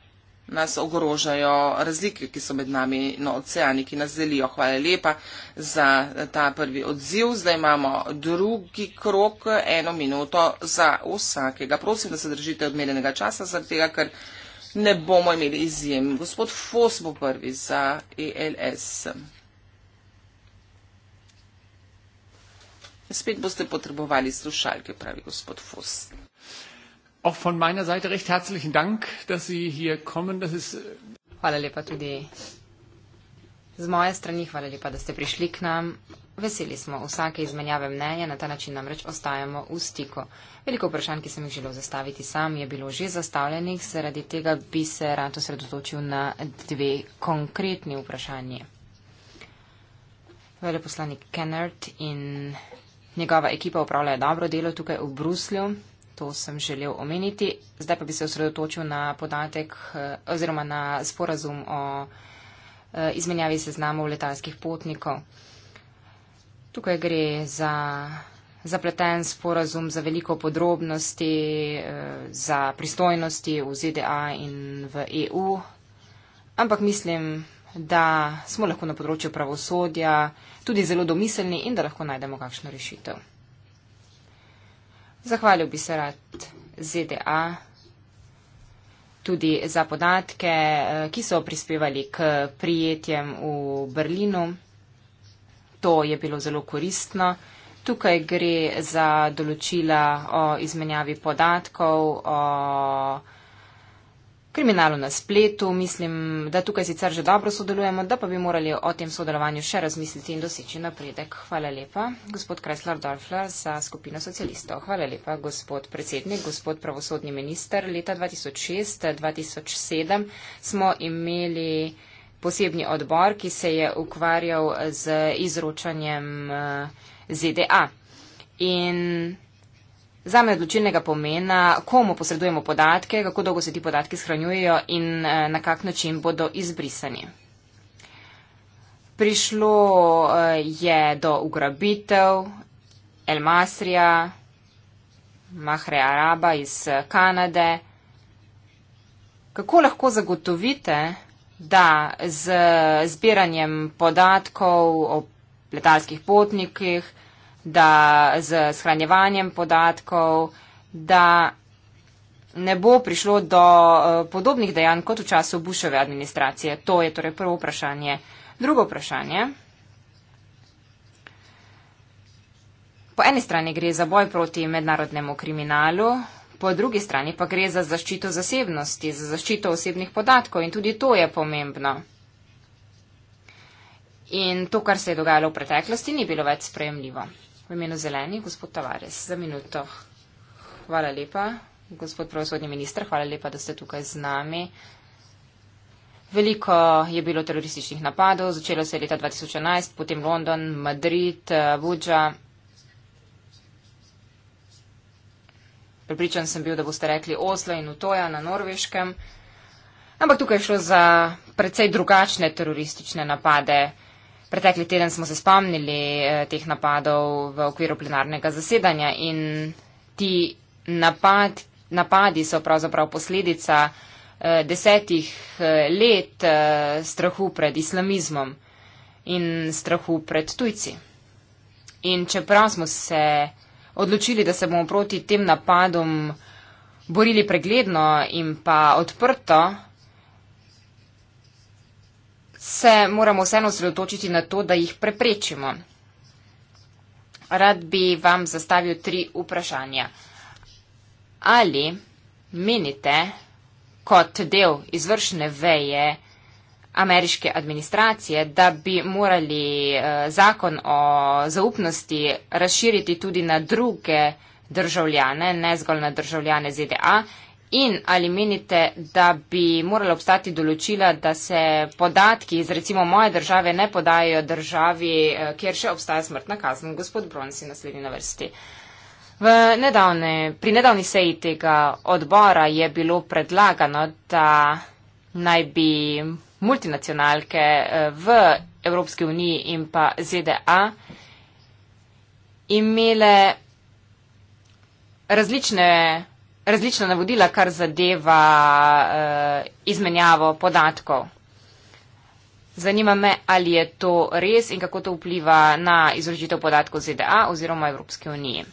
Speaker 1: nas ogrožajo razlike, ki so med nami na no, oceani, ki nas delijo. Hvala lepa za ta prvi odziv. Zdaj imamo drugi krok, eno minuto za vsakega. Prosim, da se držite odmerenega časa, zaradi tega, ker ne bomo imeli izjem. Gospod Fos bo prvi za ELS. Spet boste potrebovali slušalke, pravi gospod Fos. Auch von meiner Seite recht herzlichen Dank, dass Sie hier kommen. Das ist äh,
Speaker 3: hvala lepa tudi z moje strani, hvala lepa, da ste prišli k nam. Veseli smo vsake izmenjave mnenja, na ta način namreč ostajamo v stiku. Veliko vprašanj, ki sem jih želel zastaviti sam, je bilo že zastavljenih, zaradi tega bi se rad osredotočil na dve konkretni vprašanje. Veleposlanik Kennard in njegova ekipa upravljajo dobro delo tukaj v Bruslju. To sem želel omeniti. Zdaj pa bi se osredotočil na podatek eh, oziroma na sporazum o eh, izmenjavi seznamov letalskih potnikov. Tukaj gre za zapleten sporazum za veliko podrobnosti, eh, za pristojnosti v ZDA in v EU, ampak mislim, da smo lahko na področju pravosodja tudi zelo domiselni in da lahko najdemo kakšno rešitev. Zahvalil bi se rad ZDA tudi za podatke, eh, ki so prispevali k prijetjem v Berlinu. To je bilo zelo koristno. Tukaj gre za določila o izmenjavi podatkov, o kriminalu na spletu. Mislim, da tukaj sicer že dobro sodelujemo, da pa bi morali o tem sodelovanju še razmisliti in doseči napredek. Hvala lepa, gospod Kresler Dorfler za skupino socialistov. Hvala lepa, gospod predsednik, gospod pravosodni minister. Leta 2006-2007 smo imeli posebni odbor, ki se je ukvarjal z izročanjem eh, ZDA. In Za me odločilnega pomena, komu posredujemo podatke, kako dolgo se ti podatki shranjujejo in eh, na kak način bodo izbrisani. Prišlo eh, je do ugrabitev El Masrija, Mahre Araba iz eh, Kanade. Kako lahko zagotovite, da z zbiranjem podatkov o letalskih potnikih, da z shranjevanjem podatkov, da ne bo prišlo do eh, podobnih dejanj kot v času Bušove administracije. To je torej prvo vprašanje. Drugo vprašanje. Po eni strani gre za boj proti mednarodnemu kriminalu, po drugi strani pa gre za zaščito zasebnosti, za zaščito osebnih podatkov in tudi to je pomembno. In to, kar se je dogajalo v preteklosti, ni bilo več sprejemljivo. V imenu zelenih, gospod Tavares, za minuto. Hvala lepa, gospod pravosodni minister, hvala lepa, da ste tukaj z nami. Veliko je bilo terorističnih napadov, začelo se je leta 2011, potem London, Madrid, Vudža. Pripričan sem bil, da boste rekli Oslo in Utoja na norveškem. Ampak tukaj je šlo za precej drugačne teroristične napade. Pretekli teden smo se spomnili eh, teh napadov v okviru plenarnega zasedanja in ti napad, napadi so pravzaprav posledica eh, desetih eh, let eh, strahu pred islamizmom in strahu pred tujci. In čeprav smo se odločili, da se bomo proti tem napadom borili pregledno in pa odprto, se moramo vseeno sredotočiti na to, da jih preprečimo. Rad bi vam zastavil tri vprašanja. Ali menite kot del izvršne veje ameriške administracije, da bi morali eh, zakon o zaupnosti razširiti tudi na druge državljane, ne zgolj na državljane ZDA, In ali menite, da bi morala obstati določila, da se podatki iz recimo moje države ne podajo državi, eh, kjer še obstaja smrtna kazen? Gospod Bronsi, naslednji na vrsti. Nedavne, pri nedavni seji tega odbora je bilo predlagano, da naj bi multinacionalke eh, v Evropski uniji in pa ZDA imele različne različna navodila, kar zadeva uh, izmenjavo podatkov. Zanima me, ali je to res in kako to vpliva na izrožitev podatkov ZDA oziroma Evropske unije.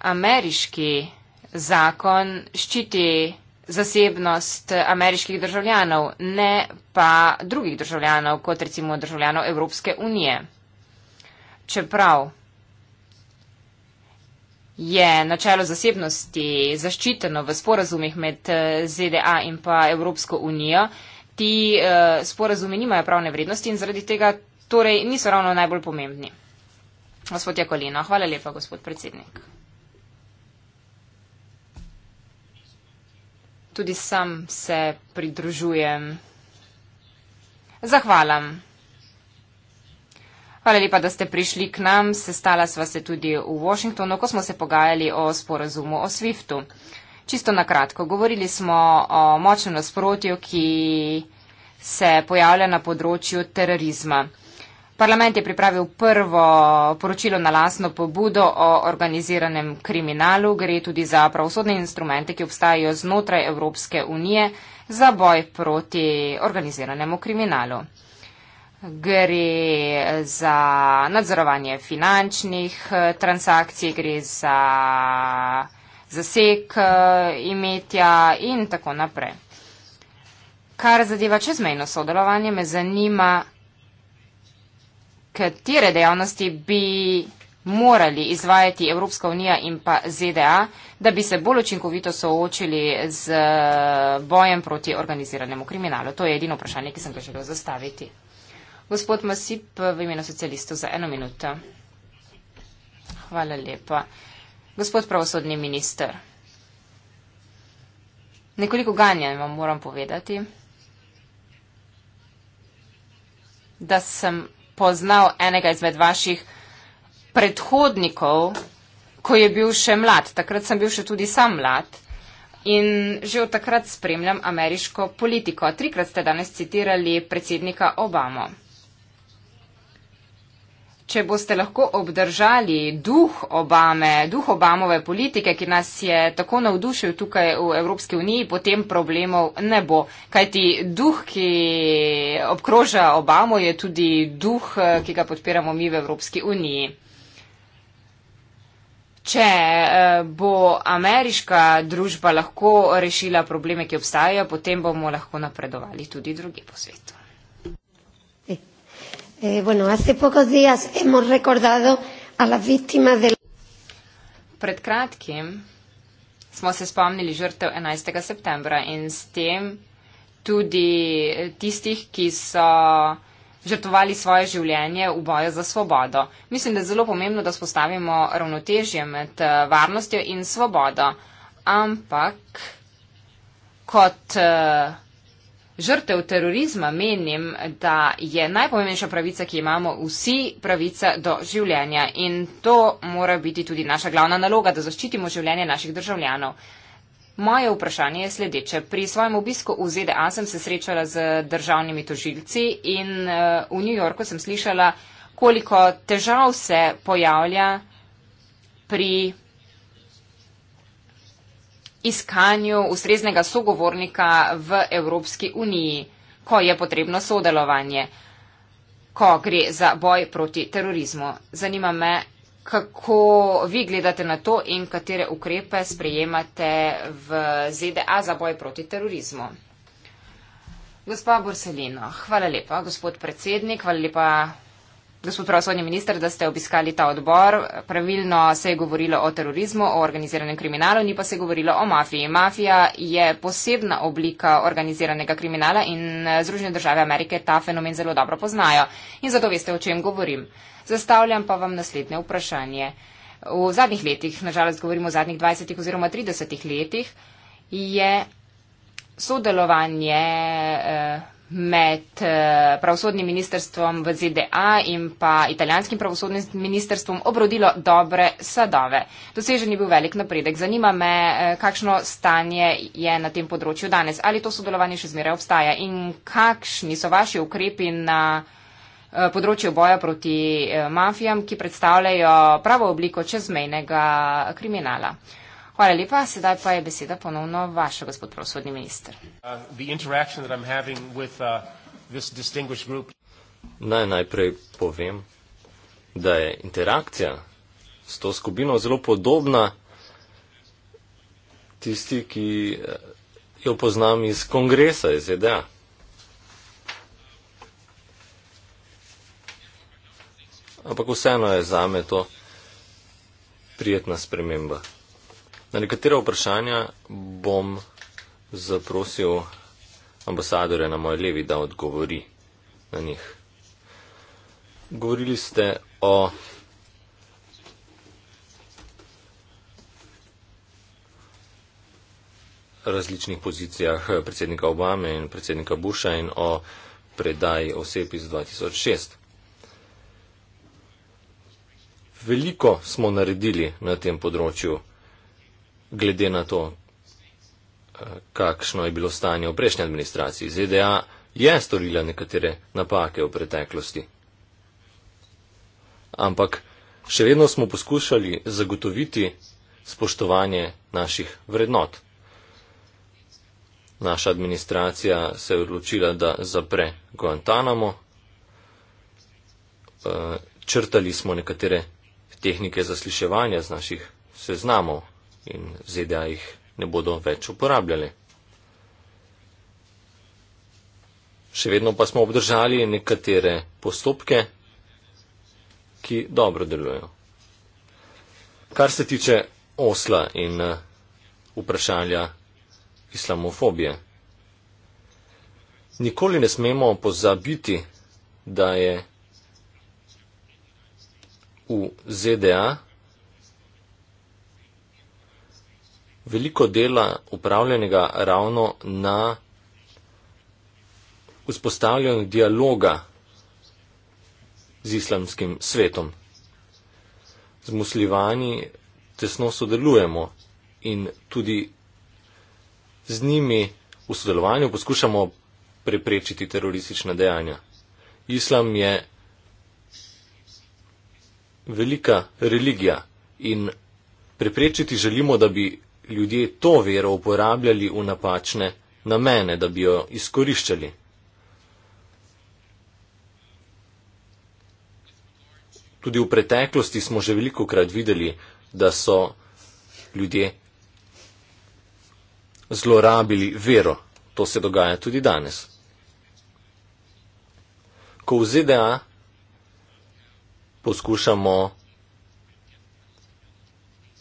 Speaker 3: Ameriški zakon ščiti zasebnost ameriških državljanov, ne pa drugih državljanov, kot recimo državljanov Evropske unije. Čeprav je načelo zasebnosti zaščiteno v sporazumih med eh, ZDA in pa Evropsko unijo. Ti uh, sporazumi nimajo pravne vrednosti in zaradi tega torej niso ravno najbolj pomembni. Gospod Jakolino, hvala lepa, gospod predsednik. Tudi sam se pridružujem. Zahvaljujem. Hvala lepa, da ste prišli k nam. Sestala sva se tudi v Washingtonu, ko smo se pogajali o sporazumu o SWIFT-u. Čisto na kratko, govorili smo o močnem nasprotju, ki se pojavlja na področju terorizma. Parlament je pripravil prvo poročilo na lasno pobudo o organiziranem kriminalu. Gre tudi za pravosodne instrumente, ki obstajajo znotraj Evropske unije za boj proti organiziranemu kriminalu. Gre za nadzorovanje finančnih eh, transakcij, gre za zasek eh, imetja in tako naprej. Kar zadeva čezmejno sodelovanje, me zanima, katere dejavnosti bi morali izvajati Evropska unija in pa ZDA, da bi se bolj učinkovito soočili z bojem proti organiziranemu kriminalu. To je edino vprašanje, ki sem ga želel zastaviti. Gospod Masip v imenu socialistov za eno minuto. Hvala lepa. Gospod pravosodni minister, nekoliko ganja vam moram povedati, da sem poznal enega izmed vaših predhodnikov, ko je bil še mlad. Takrat sem bil še tudi sam mlad in že od takrat spremljam ameriško politiko. Trikrat ste danes citirali predsednika Obamo. Če boste lahko obdržali duh Obame, duh Obamove politike, ki nas je tako navdušil tukaj v Evropski uniji, potem problemov ne bo. Kaj ti duh, ki obkroža Obamo, je tudi duh, ki ga podpiramo mi v Evropski uniji. Če eh, bo ameriška družba lahko rešila probleme, ki obstajajo, potem bomo lahko napredovali tudi druge po svetu. Eh, bueno, hace pocos días hemos recordado a las víctimas del. Pred kratkim smo se spomnili žrtev 11. septembra in s tem tudi eh, tistih, ki so žrtvovali svoje življenje v boju za svobodo. Mislim, da je zelo pomembno, da spostavimo ravnotežje med eh, varnostjo in svobodo. Ampak kot. Uh, žrtev terorizma menim, da je najpomembnejša pravica, ki imamo vsi, pravica do življenja. In to mora biti tudi naša glavna naloga, da zaščitimo življenje naših državljanov. Moje vprašanje je sledeče. Pri svojem obisku v ZDA sem se srečala z državnimi tožilci in eh, v New Yorku sem slišala, koliko težav se pojavlja pri iskanju ustreznega sogovornika v Evropski uniji, ko je potrebno sodelovanje, ko gre za boj proti terorizmu. Zanima me, kako vi gledate na to in katere ukrepe sprejemate v ZDA za boj proti terorizmu. Gospa Borselino, hvala lepa, gospod predsednik, hvala lepa Gospod pravosodni minister, da ste obiskali ta odbor. Pravilno se je govorilo o terorizmu, o organiziranem kriminalu, ni pa se govorilo o mafiji. Mafija je posebna oblika organiziranega kriminala in eh, Združene države Amerike ta fenomen zelo dobro poznajo. In zato veste, o čem govorim. Zastavljam pa vam naslednje vprašanje. V zadnjih letih, nažalost govorimo o zadnjih 20 oziroma 30 letih, je sodelovanje. Eh, med eh, pravosodnim ministrstvom v ZDA in pa italijanskim pravosodnim ministrstvom obrodilo dobre sadove. Dosežen je bil velik napredek. Zanima me, eh, kakšno stanje je na tem področju danes. Ali to sodelovanje še zmeraj obstaja in kakšni so vaši ukrepi na eh, področju boja proti mafijam, ki predstavljajo pravo obliko čezmejnega kriminala. Hvala lepa. Sedaj pa je beseda ponovno vaša, gospod pravosodni minister.
Speaker 2: Uh, uh, Naj najprej povem, da je interakcija s to skupino zelo podobna tisti, ki eh, jo poznam iz kongresa, iz EDA. Ampak vseeno je zame to prijetna sprememba. Na nekatera vprašanja bom zaprosil ambasadore na moj levi, da odgovori na njih. Govorili ste o različnih pozicijah predsednika Obame in predsednika Busha in o predaj oseb iz 2006. Veliko smo naredili na tem področju glede na to, eh, kakšno je bilo stanje v prejšnji administraciji. ZDA je storila nekatere napake v preteklosti. Ampak še vedno smo poskušali zagotoviti spoštovanje naših vrednot. Naša administracija se je odločila, da zapre Guantanamo. Eh, črtali smo nekatere tehnike zasliševanja z naših seznamov in ZDA jih ne bodo več uporabljali. Še vedno pa smo obdržali nekatere postopke, ki dobro delujejo. Kar se tiče osla in uh, vprašanja islamofobije. Nikoli ne smemo pozabiti, da je v ZDA veliko dela upravljenega ravno na vzpostavljanju dialoga z islamskim svetom. Z muslimani tesno sodelujemo in tudi z njimi v sodelovanju poskušamo preprečiti teroristična dejanja. Islam je velika religija in preprečiti želimo, da bi ljudje to vero uporabljali v napačne namene, da bi jo izkoriščali. Tudi v preteklosti smo že veliko krat videli, da so ljudje zlorabili vero. To se dogaja tudi danes. Ko v ZDA poskušamo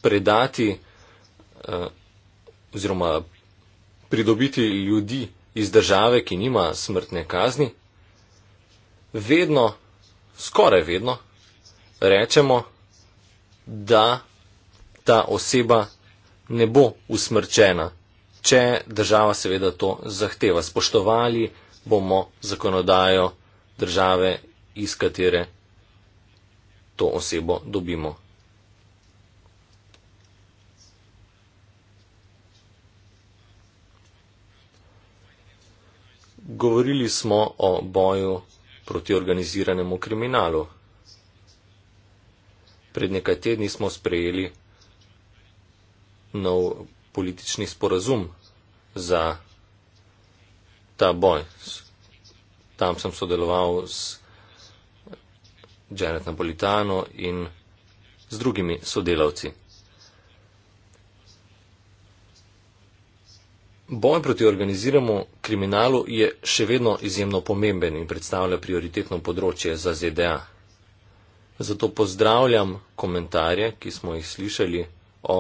Speaker 2: predati Eh, oziroma pridobiti ljudi iz države, ki nima smrtne kazni, vedno, skoraj vedno, rečemo, da ta oseba ne bo usmrčena, če država seveda to zahteva. Spoštovali bomo zakonodajo države, iz katere to osebo dobimo. Govorili smo o boju proti organiziranemu kriminalu. Pred nekaj tedni smo sprejeli nov politični sporazum za ta boj. Tam sem sodeloval s Janet Napolitano in z drugimi sodelavci. Boj proti organiziranemu kriminalu je še vedno izjemno pomemben in predstavlja prioritetno področje za ZDA. Zato pozdravljam komentarje, ki smo jih slišali o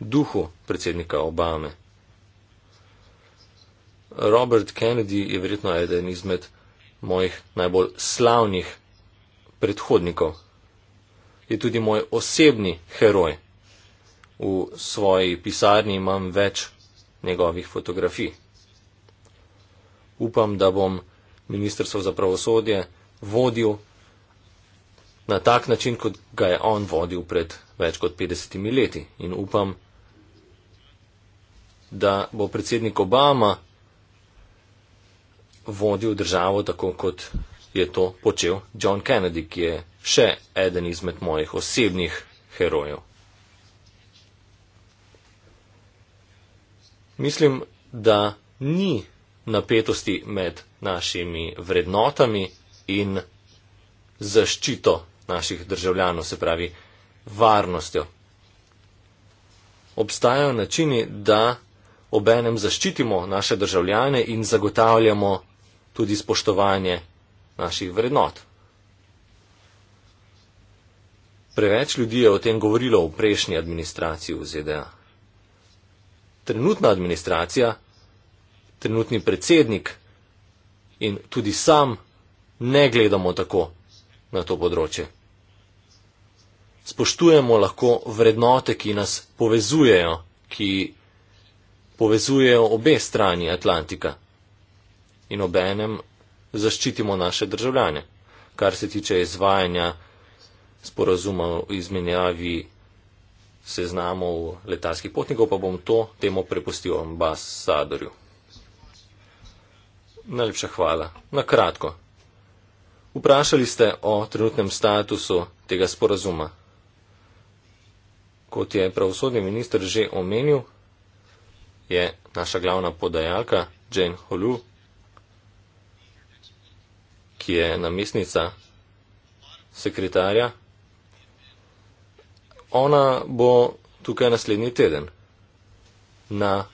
Speaker 2: duhu predsednika Obame. Robert Kennedy je verjetno eden izmed mojih najbolj slavnih predhodnikov. Je tudi moj osebni heroj. V svoji pisarni imam več njegovih fotografij. Upam, da bom ministrstvo za pravosodje vodil na tak način, kot ga je on vodil pred več kot 50 leti. In upam, da bo predsednik Obama vodil državo tako, kot je to počel John Kennedy, ki je še eden izmed mojih osebnih herojev. Mislim, da ni napetosti med našimi vrednotami in zaščito naših državljanov, se pravi varnostjo. Obstajajo načini, da obenem zaščitimo naše državljane in zagotavljamo tudi spoštovanje naših vrednot. Preveč ljudi je o tem govorilo v prejšnji administraciji v ZDA trenutna administracija, trenutni predsednik in tudi sam ne gledamo tako na to področje. Spoštujemo lahko vrednote, ki nas povezujejo, ki povezujejo obe strani Atlantika in obenem zaščitimo naše državljane, kar se tiče izvajanja sporazuma o izmenjavi seznamov letalskih potnikov, pa bom to temo prepustil ambasadorju. Najlepša hvala. Na kratko. Vprašali ste o trenutnem statusu tega sporazuma. Kot je pravosodni minister že omenil, je naša glavna podajalka Jane Holu, ki je namestnica sekretarja ona bo tukaj naslednji teden. Na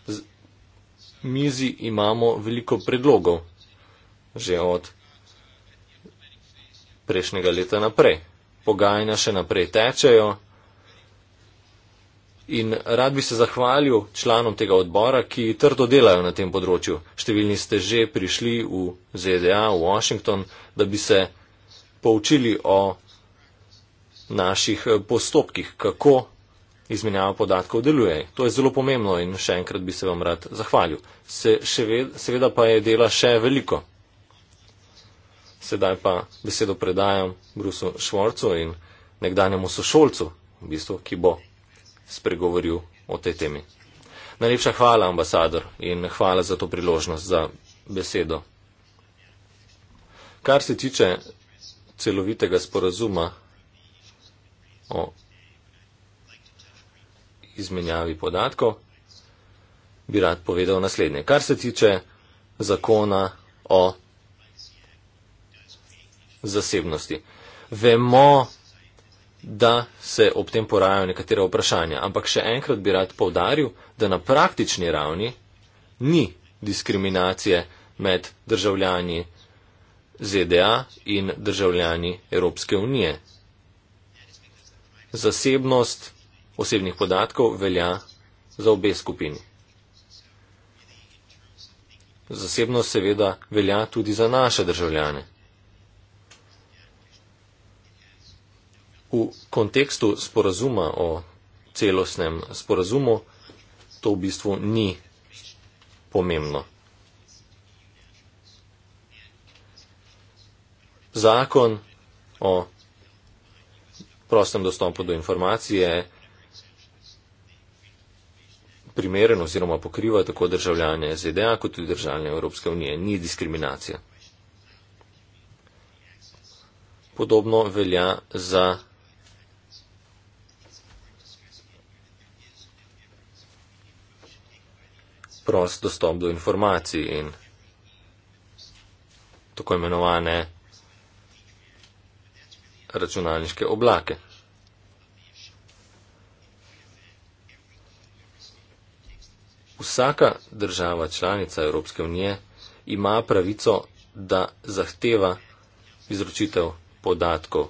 Speaker 2: mizi imamo veliko predlogov, že od prejšnjega leta naprej. Pogajanja še naprej tečejo. In rad bi se zahvalil članom tega odbora, ki trdo delajo na tem področju. Številni ste že prišli v ZDA, v Washington, da bi se poučili o naših eh, postopkih, kako izmenjava podatkov deluje. To je zelo pomembno in še enkrat bi se vam rad zahvalil. Se, še ved, seveda pa je dela še veliko. Sedaj pa besedo predajam Brusu Švorcu in nekdanjemu sošolcu, v bistvu, ki bo spregovoril o tej temi. Najlepša hvala, ambasador, in hvala za to priložnost, za besedo. Kar se tiče celovitega sporazuma o izmenjavi podatkov, bi rad povedal naslednje. Kar se tiče zakona o zasebnosti. Vemo, da se ob tem porajajo nekatere vprašanja, ampak še enkrat bi rad povdaril, da na praktični ravni ni diskriminacije med državljani ZDA in državljani Evropske unije zasebnost osebnih podatkov velja za obe skupini. Zasebnost seveda velja tudi za naše državljane. V kontekstu sporazuma o celostnem sporazumu to v bistvu ni pomembno. Zakon o prostem dostopu do informacije primeren oziroma pokriva tako državljane ZDA kot tudi državljane Evropske unije. Ni diskriminacija. Podobno velja za prost dostop do informacij in tako imenovane računalniške oblake. Vsaka država članica Evropske unije ima pravico, da zahteva izročitev podatkov.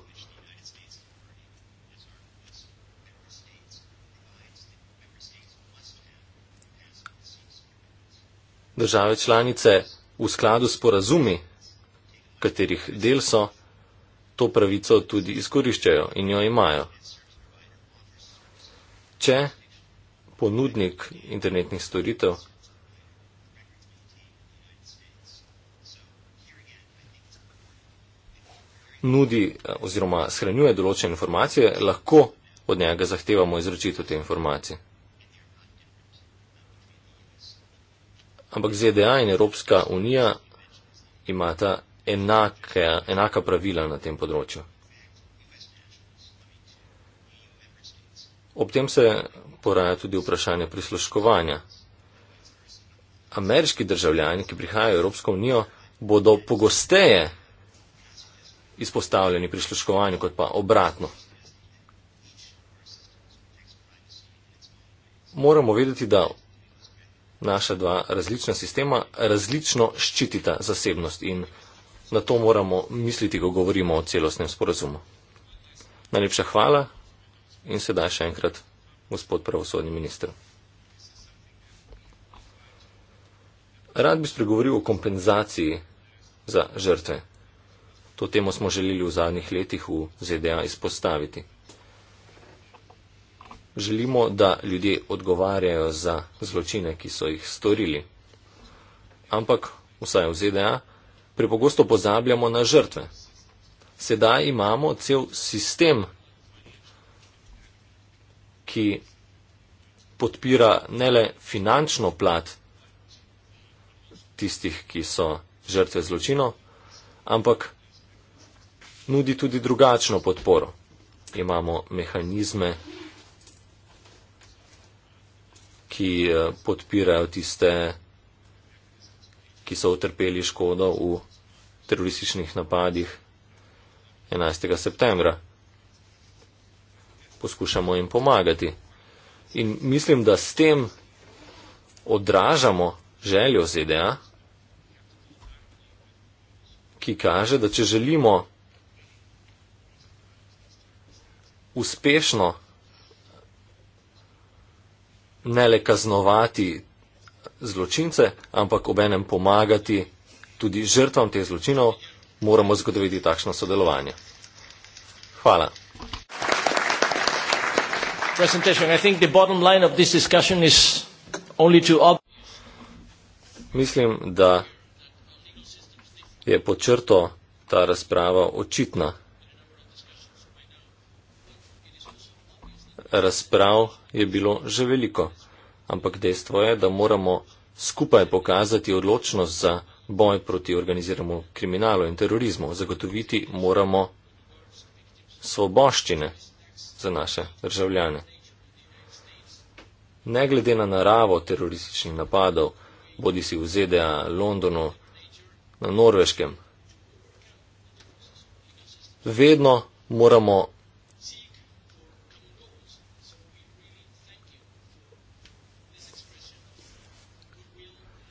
Speaker 2: Države članice v skladu s porazumi, katerih del so, to pravico tudi izkoriščajo in jo imajo. Če ponudnik internetnih storitev nudi eh, oziroma shranjuje določene informacije, lahko od njega zahtevamo izročitev te informacije. Ampak ZDA in Evropska unija imata enake, enaka pravila na tem področju. Ob tem se poraja tudi vprašanje prisluškovanja. Ameriški državljani, ki prihajajo v Evropsko unijo, bodo pogosteje izpostavljeni prisluškovanju kot pa obratno. Moramo vedeti, da naša dva različna sistema različno ščitita zasebnost in Na to moramo misliti, ko govorimo o celostnem sporazumu. Najlepša hvala in sedaj še enkrat, gospod pravosodni minister. Rad bi spregovoril o kompenzaciji za žrtve. To temo smo želeli v zadnjih letih v ZDA izpostaviti. Želimo, da ljudje odgovarjajo za zločine, ki so jih storili. Ampak, vsaj v ZDA, prepogosto pozabljamo na žrtve. Sedaj imamo cel sistem, ki podpira ne le finančno plat tistih, ki so žrtve zločino, ampak nudi tudi drugačno podporo. Imamo mehanizme, ki eh, podpirajo tiste, ki so utrpeli škodo v terorističnih napadih 11. septembra. Poskušamo jim pomagati. In mislim, da s tem odražamo željo ZDA, ki kaže, da če želimo uspešno ne le kaznovati zločince, ampak obenem pomagati tudi žrtvam teh zločinov, moramo zgodoviti takšno sodelovanje. Hvala. Mislim, da je pod črto ta razprava očitna. Razprav je bilo že veliko ampak dejstvo je, da moramo skupaj pokazati odločnost za boj proti organiziranemu kriminalu in terorizmu. Zagotoviti moramo svoboščine za naše državljane. Ne glede na naravo terorističnih napadov, bodi si v ZDA, Londonu, na Norveškem, vedno moramo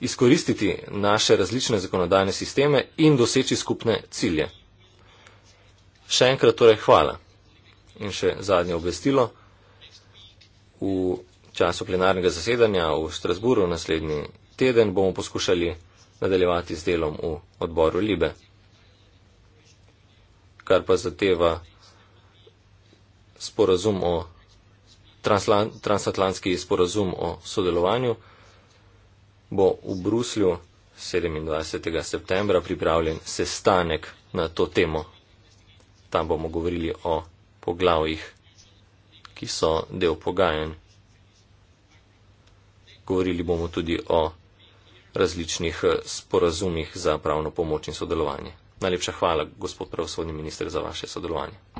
Speaker 2: izkoristiti naše različne zakonodajne sisteme in doseči skupne cilje. Še enkrat torej hvala. In še zadnje obvestilo. V času plenarnega zasedanja v Strasburu naslednji teden bomo poskušali nadaljevati z delom v odboru Libe, kar pa zateva sporazum o transatlantski sporazum o sodelovanju bo v Bruslju 27. septembra pripravljen sestanek na to temo. Tam bomo govorili o poglavjih, ki so del pogajen. Govorili bomo tudi o različnih eh, sporazumih za pravno pomoč in sodelovanje. Najlepša hvala, gospod pravosodni minister, za vaše sodelovanje.